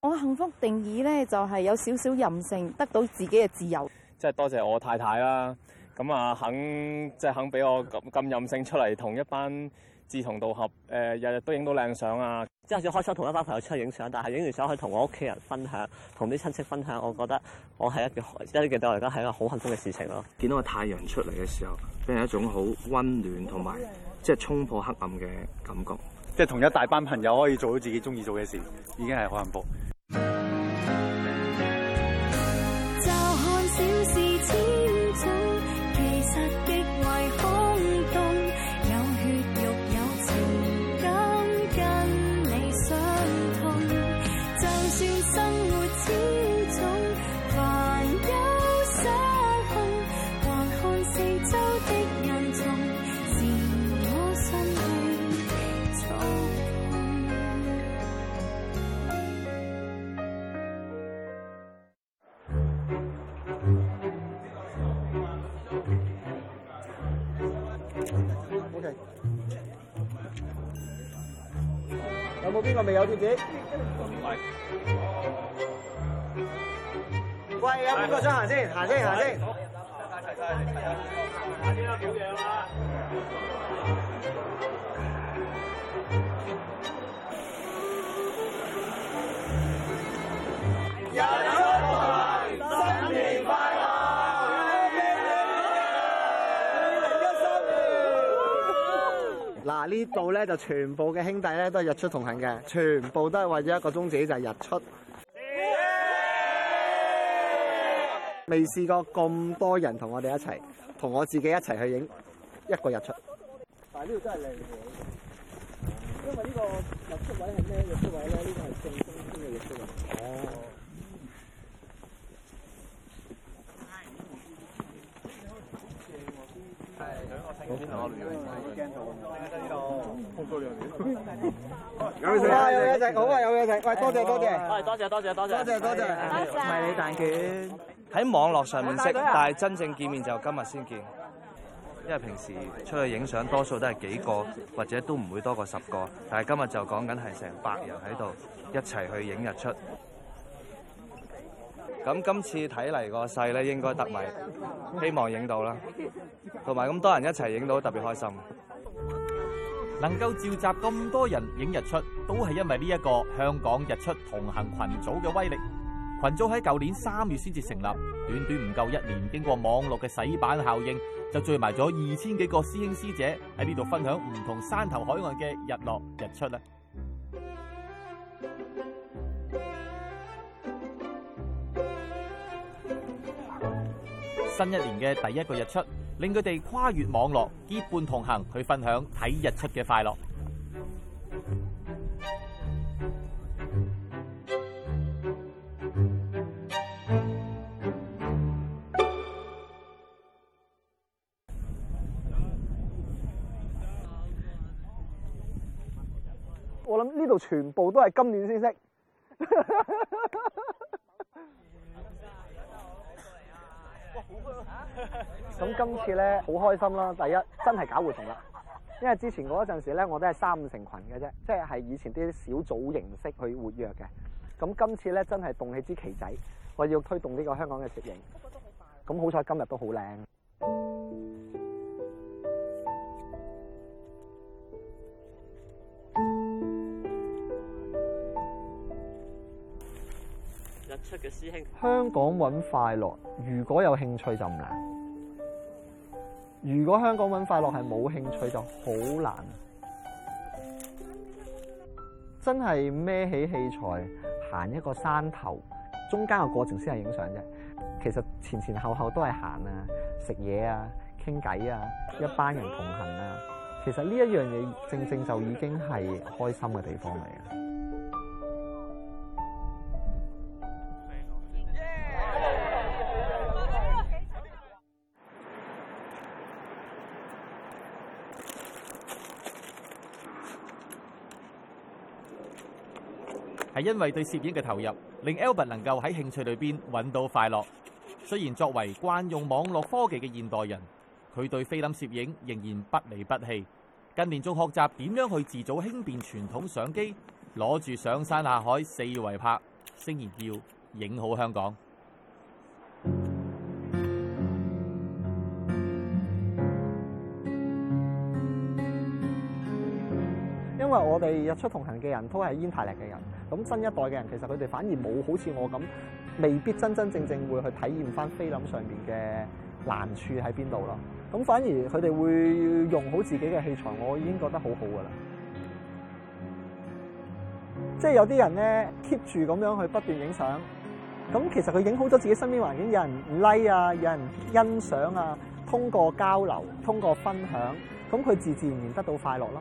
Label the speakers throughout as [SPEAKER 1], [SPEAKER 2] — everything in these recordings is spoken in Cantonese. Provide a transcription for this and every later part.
[SPEAKER 1] 我幸福定義呢就係、是、有少少任性，得到自己嘅自由。
[SPEAKER 2] 即係多謝我太太啦、啊，咁啊肯即係肯俾我咁咁任性出嚟，同一班
[SPEAKER 3] 志同道合誒，日、呃、日都影到靚相啊！即係好似開初同一班朋友出嚟影相，但係影完相可以同我屋企人分享，同啲親戚分享，我覺得我係一件即係對我而家係一個好、就是、幸福嘅事情咯。見到個太陽出嚟嘅時候，俾人一種好温暖同埋即係衝破黑暗嘅感覺。即係同一大班朋友可以做到自己鍾意做嘅事，已經係好幸福。我未有貼紙，
[SPEAKER 4] 唔係。喂，有邊個想行先？行先，行先。好，
[SPEAKER 3] 呢度咧就全部嘅兄弟咧都係日出同行嘅，全部都係為咗一個宗旨，就係、是、日出。未耶試過咁多人同我哋一齊，同我自己一齊去影一個日出。但呢度真係靚嘅，因為呢個呢、呢個日出位係咩日出位咧？呢個係正中心嘅日出位。哦
[SPEAKER 4] Okay.
[SPEAKER 5] 有嘢食，好啊！有嘢食，喂，多謝多
[SPEAKER 3] 謝，多謝多謝多謝
[SPEAKER 5] 多謝，多謝，唔
[SPEAKER 3] 係你蛋卷。喺網絡上面識，但係真正見面就今日先見，因為平時出去影相多數都係幾個，或者都唔會多過十個，但係今日就講緊係成百人喺度一齊去影日出。咁今次睇嚟個勢咧，應該得埋，希望影到啦。同埋咁多人一齊影到特別開心，
[SPEAKER 2] 能夠召集咁多人影日出，都係因為呢一個香港日出同行群組嘅威力。群組喺舊年三月先至成立，短短唔夠一年，經過網絡嘅洗版效應，就聚埋咗二千幾個師兄師姐喺呢度分享唔同山頭海岸嘅日落日出啦。新一年嘅第一個日出。令佢哋跨越網絡結伴同行去分享睇日出嘅快樂。
[SPEAKER 3] 我諗呢度全部都係今年先識。咁今 次咧好開心啦！第一真係搞活動啦，因為之前嗰陣時咧我都係三五成群嘅啫。即係以前啲小組形式去活躍嘅。咁今次咧真係動起支旗仔，我要推動呢個香港嘅攝影。咁好彩今日都好靚。
[SPEAKER 5] 出嘅師
[SPEAKER 3] 兄香港揾快樂，如果有興趣就唔難；如果香港揾快樂係冇興趣就好難。真係孭起器材行一個山頭，中間嘅過程先係影相啫。其實前前後後都係行啊、食嘢啊、傾偈啊，一班人同行啊。其實呢一樣嘢正正就已經係開心嘅地方嚟。
[SPEAKER 2] 係因為對攝影嘅投入，令 Albert 能夠喺興趣裏邊揾到快樂。雖然作為慣用網絡科技嘅現代人，佢對菲林攝影仍然不離不棄。近年仲學習點樣去自組輕便傳統相機，攞住上山下海四圍拍，聲言叫影好香港。
[SPEAKER 3] 我哋日出同行嘅人都係煙太力嘅人，咁新一代嘅人其實，佢哋反而冇好似我咁，未必真真正正會去體驗翻菲林上面嘅難處喺邊度咯。咁反而佢哋會用好自己嘅器材，我已經覺得好好噶啦。 即係有啲人咧 keep 住咁樣去不斷影相，咁其實，佢影好咗自己身邊環境，有人 like 啊，有人欣賞啊，通過交流，通過分享，咁佢自自然然得到快樂咯。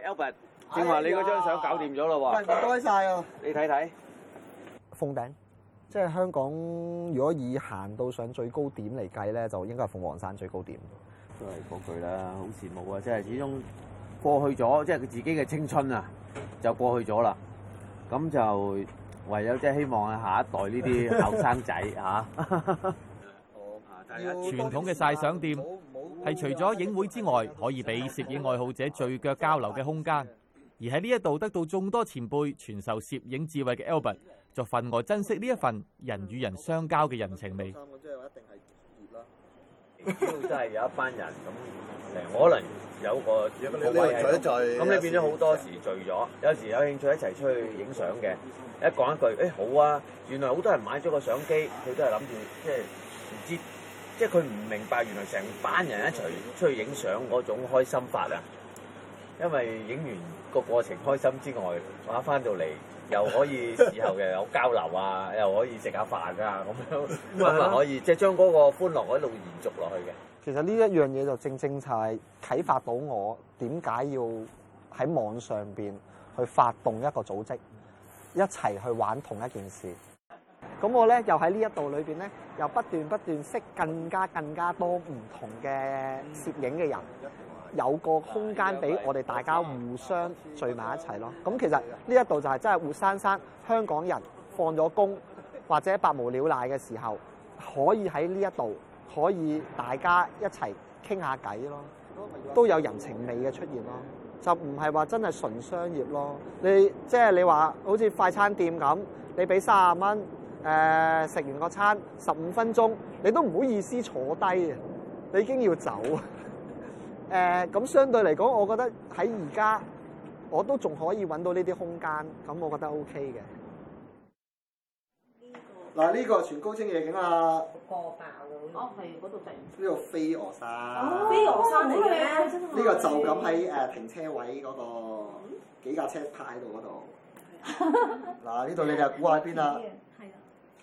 [SPEAKER 2] Albert，正話你嗰張相搞掂咗啦喎，唔
[SPEAKER 3] 該曬啊！你睇睇，鳳頂，即係香港如果以行到上最高點嚟計咧，就應該係鳳凰山最高點。
[SPEAKER 2] 都係嗰句啦，好羨慕啊！即係始終過去咗，即係佢自己嘅青春啊，就過去咗啦。咁就唯有即係希望啊，下一代呢啲後生仔吓。傳統嘅曬相店。係除咗影會之外，可以俾攝影愛好者聚腳交流嘅空間。而喺呢一度得到眾多前輩傳授攝影智慧嘅 Albert，就分外珍惜呢一份人與人相交嘅人情味。即係話一定係啦，都真係有一班人咁。誒，我可能有個咁，你變咗好多時候聚咗，有時候有興趣一齊出去影相嘅，一講一句，誒、哎，好啊！原來好多人買咗個相機，佢都係諗住，即係唔知。即係佢唔明白，原來成班人一齊出去影相嗰種開心法啊！因為影完個過程開心之外，哇，翻到嚟又可以之後 又有交流啊，又可以食下飯啊，咁 樣咁啊， 可以 即係將嗰個歡樂喺度延續落去嘅。
[SPEAKER 3] 其實呢一樣嘢就正正就係啟發到我點解要喺網上邊去發動一個組織，一齊去玩同一件事。咁我咧又喺呢一度裏面咧，又不斷不斷識更加更加多唔同嘅攝影嘅人，嗯、有個空間俾我哋大家互相聚埋一齊咯。咁、嗯、其實呢一度就係真係活生生香港人放咗工或者百無聊賴嘅時候，可以喺呢一度可以大家一齊傾下偈咯，都有人情味嘅出現咯。就唔係話真係純商業咯。你即係、就是、你話好似快餐店咁，你俾三十蚊。誒食、呃、完個餐十五分鐘，你都唔好意思坐低嘅，你已經要走。誒、呃、咁相對嚟講，我覺得喺而家我都仲可以揾到呢啲空間，咁我覺得 OK 嘅。嗱、這個，呢個全高清的夜景啊！過爆啊！哦，係嗰度就係呢個飛鵝山。哦，飛鵝山呢、哦、個就咁喺誒停車位嗰個、嗯、幾架車泊喺度嗰度。嗱的，呢度你哋估下喺邊啊？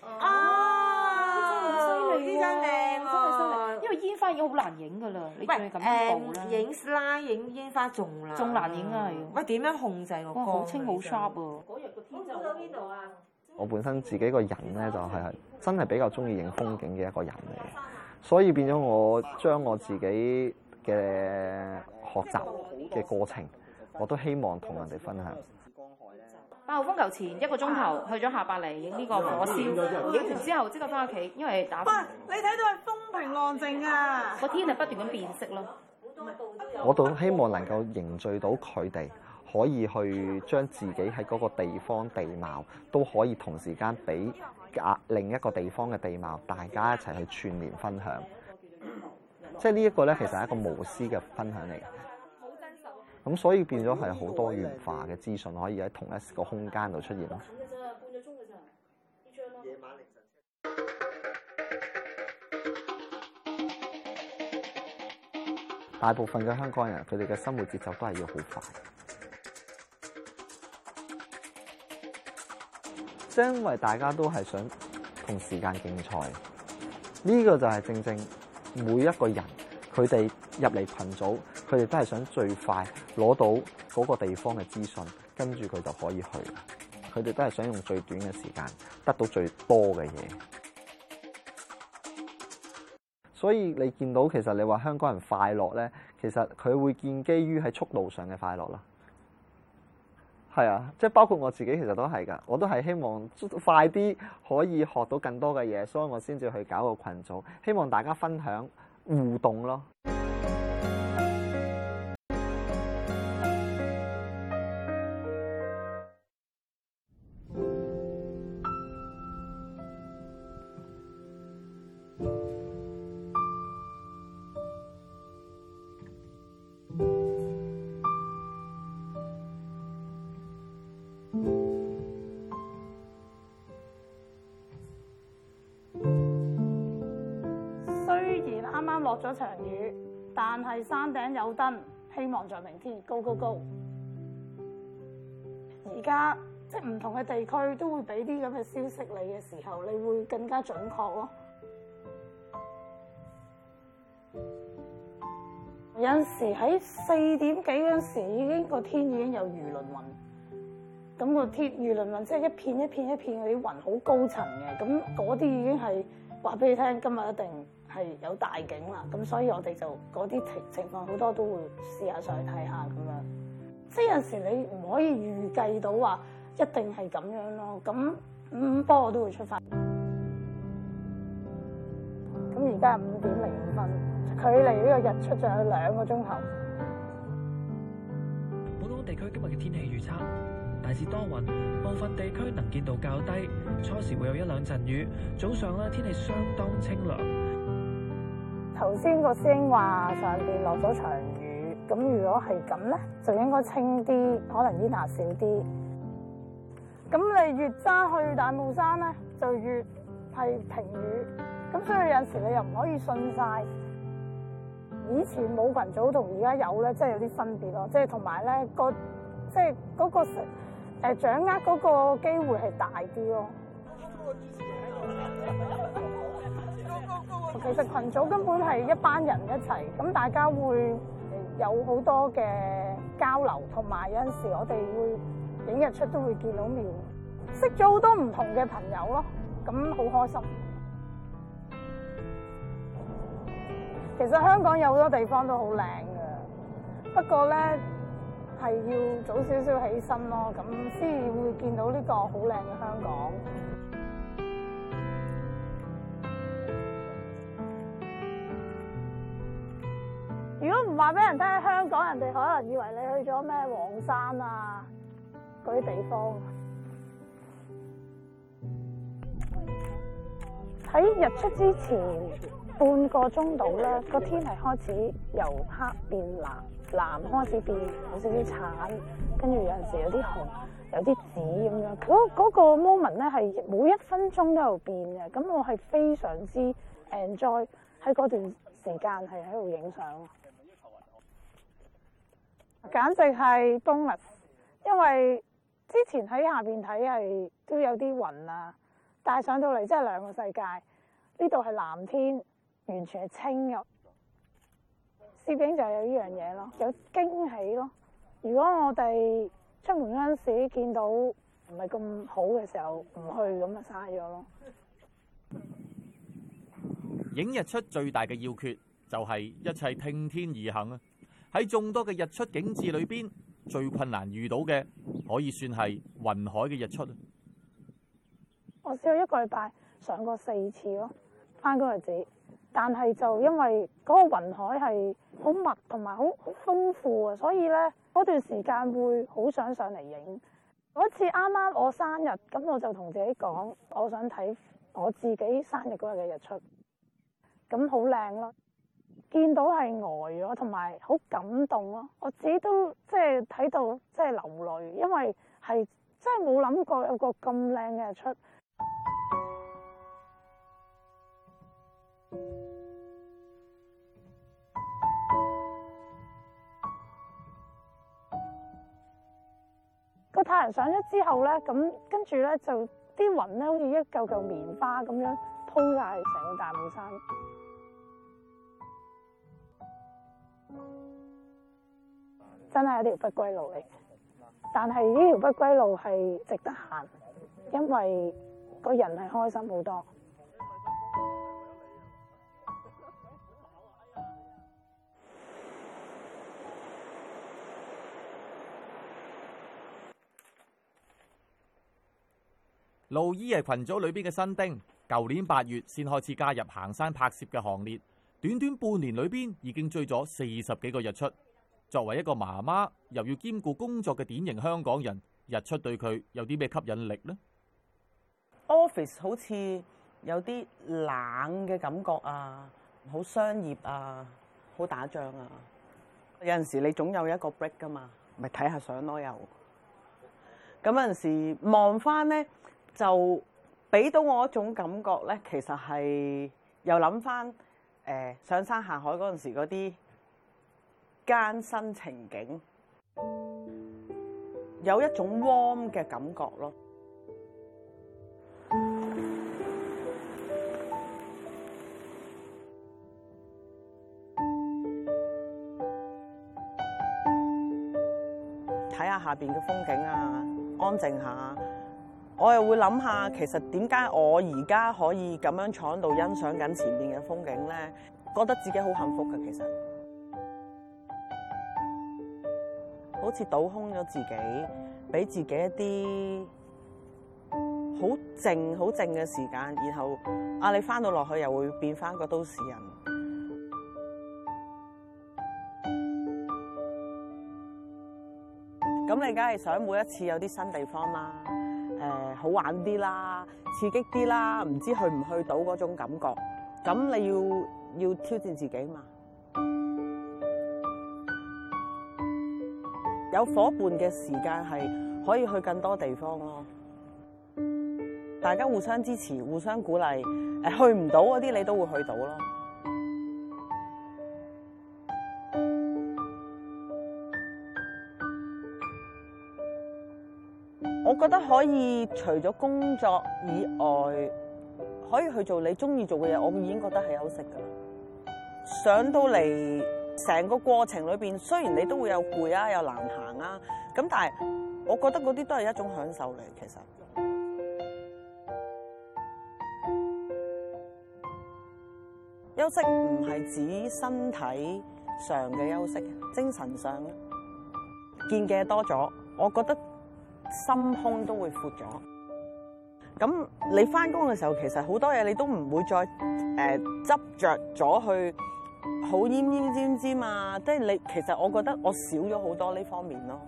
[SPEAKER 4] 啊，真係好犀利喎！真係
[SPEAKER 1] 因為煙花已經好難影噶啦，你唔可咁樣講影 slay 影煙花仲啦，仲難影啊。係。喂，點樣控制喎？好清好 sharp 喎！嗰日個天就到邊
[SPEAKER 3] 度啊？我本身自己個人咧就係真係比較中意影風景嘅一個人嚟嘅，所以變咗我將我自己嘅學習嘅過程，我都希望同人哋分享。
[SPEAKER 1] 下午風球前一個鐘頭去咗下白泥影呢個火燒，影完之後即刻翻屋企，因為打風。唔你睇到係風平浪靜啊！個天係不斷咁變色
[SPEAKER 4] 咯。
[SPEAKER 1] 我都
[SPEAKER 3] 希望能夠凝聚到佢哋，可以去將自己喺嗰個地方地貌都可以同時間俾另一個地方嘅地貌，大家一齊去串聯分享。嗯、即係呢一個咧，其實係一個無私嘅分享嚟嘅。咁所以變咗係好多元化嘅資訊可以喺同一個空間度出現咯。大部分嘅香港人佢哋嘅生活節奏都係要好快，正因為大家都係想同時間競賽。呢個就係正正每一個人佢哋入嚟群組，佢哋都係想最快。攞到嗰個地方嘅資訊，跟住佢就可以去。佢哋都係想用最短嘅時間得到最多嘅嘢。所以你見到其實你話香港人快樂呢，其實佢會建基於喺速度上嘅快樂啦。係啊，即包括我自己其實都係㗎，我都係希望快啲可以學到更多嘅嘢，所以我先至去搞個群組，希望大家分享互動咯。
[SPEAKER 6] 落咗場雨，但係山頂有燈，希望 Go, Go, Go 在明天高高高。而家即係唔同嘅地區都會俾啲咁嘅消息你嘅時候，你會更加準確咯。 有陣時喺四點幾嗰陣時，已經個天已經有魚鱗雲，咁、個天魚鱗雲即係一片一片一片嗰啲雲好高層嘅，咁嗰啲已經係話俾你聽，今日一定。係有大景啦，咁所以我哋就嗰啲情情況好多都會試下上去睇下咁樣，即係有陣時你唔可以預計到話一定係咁樣咯。咁五波我都會出發。咁而家係五點零五分，距離呢個日出仲有兩個鐘頭。
[SPEAKER 3] 本港地區今日嘅天氣預測，大致多雲，部分地區能見度較低，初時會有一兩陣雨，早上咧天氣相當清涼。頭
[SPEAKER 6] 先個師兄話上邊落咗場雨，咁如果係咁咧，就應該清啲，可能煙霞少啲。咁你越揸去大霧山咧，就越係停雨。咁所以有時你又唔可以信晒。以前冇群組同而家有咧，即係有啲分別咯。即係同埋咧，個即係嗰個掌握嗰個機會係大啲咯。其實群組根本係一班人一齊，咁大家會有好多嘅交流，同埋有陣時我哋會影日出都會見到面，識咗好多唔同嘅朋友咯，咁好開心。其實香港有好多地方都好靚㗎，不過咧係要早少少起身咯，咁先會見到呢個好靚嘅香港。如果唔話俾人聽，香港人哋可能以為你去咗咩黃山啊嗰啲地方。喺日出之前半個鐘度，咧、那，個天係開始由黑變藍，藍開始變有少少橙，跟住有陣時候有啲紅，有啲紫咁樣。嗰、那、嗰個 moment 咧係每一分鐘都喺度變嘅，咁我係非常之 enjoy 喺嗰段時間係喺度影相。簡直係 bonus，因為之前喺下邊睇，係都有啲雲啊，但係上到嚟真係兩個世界，呢度係藍天，完全係清嘅。攝影就係有呢樣嘢咯，有驚喜咯。如果我哋出門嗰陣時見到唔係咁好嘅時候唔去，咁就嘥咗咯。
[SPEAKER 2] 影日出最大嘅要訣就係一切聽天而行啊！喺眾多嘅日出景致裏邊，最困難遇到嘅可以算係雲海嘅日出。
[SPEAKER 6] 我試過一個禮拜上過四次咯，翻嗰日子，但係就因為嗰個雲海係好密同埋好豐富啊，所以咧嗰段時間會好想上嚟影。嗰次啱啱我生日，咁我就同自己講，我想睇我自己生日嗰日嘅日出，咁好靚咯。見到係呆咗，同埋好感動咯！我自己都即係睇到即係流淚，因為係真係冇諗過有個咁靚嘅日出。個 太陽上咗之後咧，咁跟住咧就啲雲咧好似一嚿嚿棉花咁樣鋪晒成個大帽山。真係一條不歸路嚟，但係呢條不歸路係值得行，因為個人係開心好多。
[SPEAKER 2] 路依係群組裏邊嘅新丁，舊年八月先開始加入行山拍攝嘅行列，短短半年裏邊已經追咗四十幾個日出。作為一個媽媽又要兼顧工作嘅典型香港人，日出對佢有啲咩吸引力呢？
[SPEAKER 5] Office 好似有啲冷嘅感覺啊，好商業啊，好打仗啊。有陣時你總有一個 break 噶嘛，咪睇下相咯又。咁有陣時望翻咧，就俾到我一種感覺咧，其實係又諗翻誒上山下海嗰陣時嗰啲。艱辛情景，有一種 warm 嘅感覺咯。睇下下邊嘅風景啊，安靜一下，我又會諗下，其實點解我而家可以咁樣坐喺度欣賞緊前面嘅風景咧？覺得自己好幸福㗎，其實。好似倒空咗自己，俾自己一啲好靜、好靜嘅時間，然後啊，你翻到落去又會變翻一個都市人。咁你梗係想每一次有啲新地方啦，誒、呃，好玩啲啦，刺激啲啦，唔知去唔去到嗰種感覺？咁你要要挑戰自己嘛？有伙伴嘅時間係可以去更多地方咯，大家互相支持、互相鼓勵，誒去唔到嗰啲你都會去到咯。我覺得可以除咗工作以外，可以去做你中意做嘅嘢，我已經覺得係休息㗎喇。上到嚟。成個過程裏面，雖然你都會有攰啊，有難行啊，咁但係，我覺得嗰啲都係一種享受嚟。其實休息唔係指身體上嘅休息，精神上見嘅多咗，我覺得心胸都會闊咗。咁你返工嘅時候，其實好多嘢你都唔會再呃、執着咗去。好奄奄尖尖嘛，即係你，其實我覺得我少咗好多呢方面咯。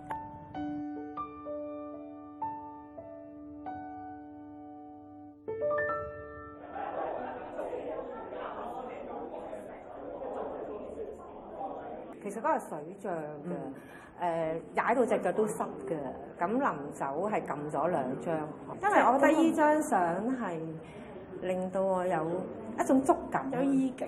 [SPEAKER 1] 其實嗰個水漲嘅，誒、嗯呃，踩到隻腳都濕嘅，咁臨走係撳咗兩張。因為我覺得依張相係。令到我有一種觸感，有意境。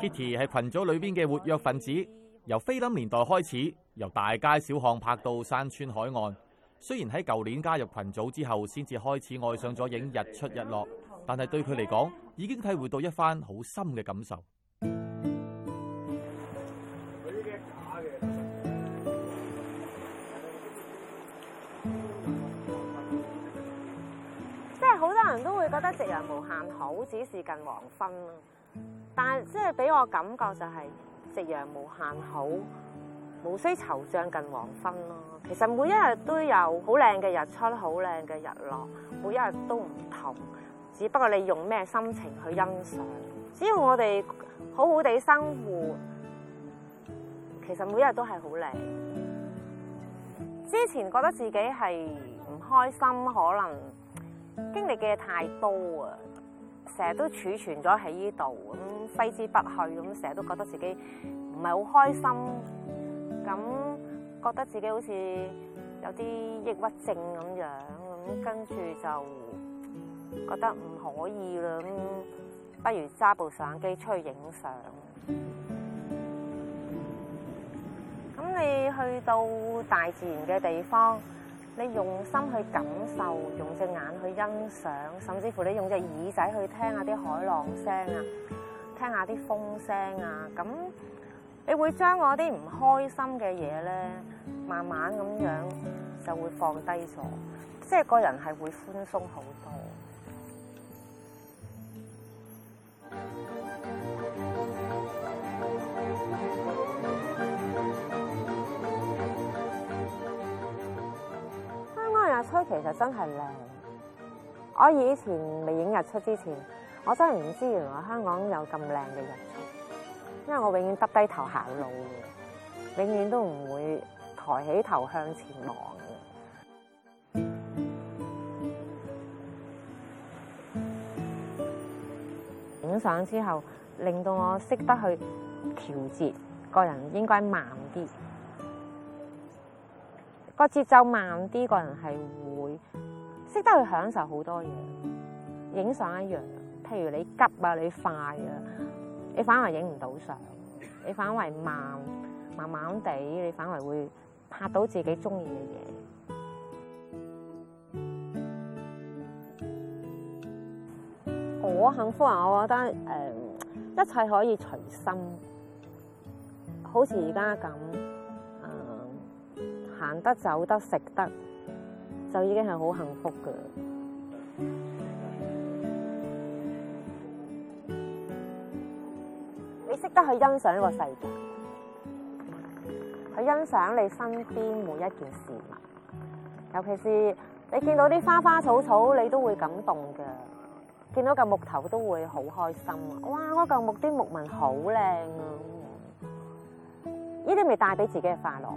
[SPEAKER 2] Kitty 係 群組裏面嘅活躍分子，由菲林年代開始，由大街小巷拍到山川海岸。雖然喺舊年加入群組之後，先至開始愛上咗影日出日落，但係對佢嚟講，已經體會到一番好深嘅感受。
[SPEAKER 1] 我覺得夕陽無限好，只是近黃昏咯。但係即係俾我感覺就係夕陽無限好，無需惆悵近黃昏咯。其實每一日都有好靚嘅日出，好靚嘅日落，每一日都唔同。只不過你用咩心情去欣賞，只要我哋好好地生活，其實每一日都係好靚。之前覺得自己係唔開心，可能。經歷嘅太多啊，成日都儲存咗喺呢度，咁揮之不去，咁成日都覺得自己唔係好開心，咁覺得自己好似有啲抑鬱症咁樣，咁跟住就覺得唔可以啦，咁不如揸部相機出去影相。咁你去到大自然嘅地方。你用心去感受，用隻眼去欣賞，甚至乎你用隻耳仔去聽下啲海浪聲啊，聽下啲風聲啊，咁你會將我啲唔開心嘅嘢咧，慢慢咁樣就會放低咗，即係個人係會寬鬆好多。出其實真係靚，我以前未影日出之前，我真係唔知原來香港有咁靚嘅日出，因為我永遠耷低頭行路，永遠都唔會抬起頭向前望嘅。影相之後，令到我識得去調節，個人應該慢啲。個節奏慢啲，個人係會識得去享受好多嘢。影相一樣，譬如你急啊，你快啊，你反而影唔到相；你反而慢，慢慢地，你反而會拍到自己中意嘅嘢。我幸福啊！我覺得，呃，一切可以隨心，好似而家咁。行得走得食得就已經係好幸福噶。你識得去欣賞個世界，去欣賞你身邊每一件事物，尤其是你見到啲花花草草，你都會感動噶。見到嚿木頭都會好開心。哇！我嚿木啲木紋好靚啊！呢啲咪帶俾自己嘅快樂咯。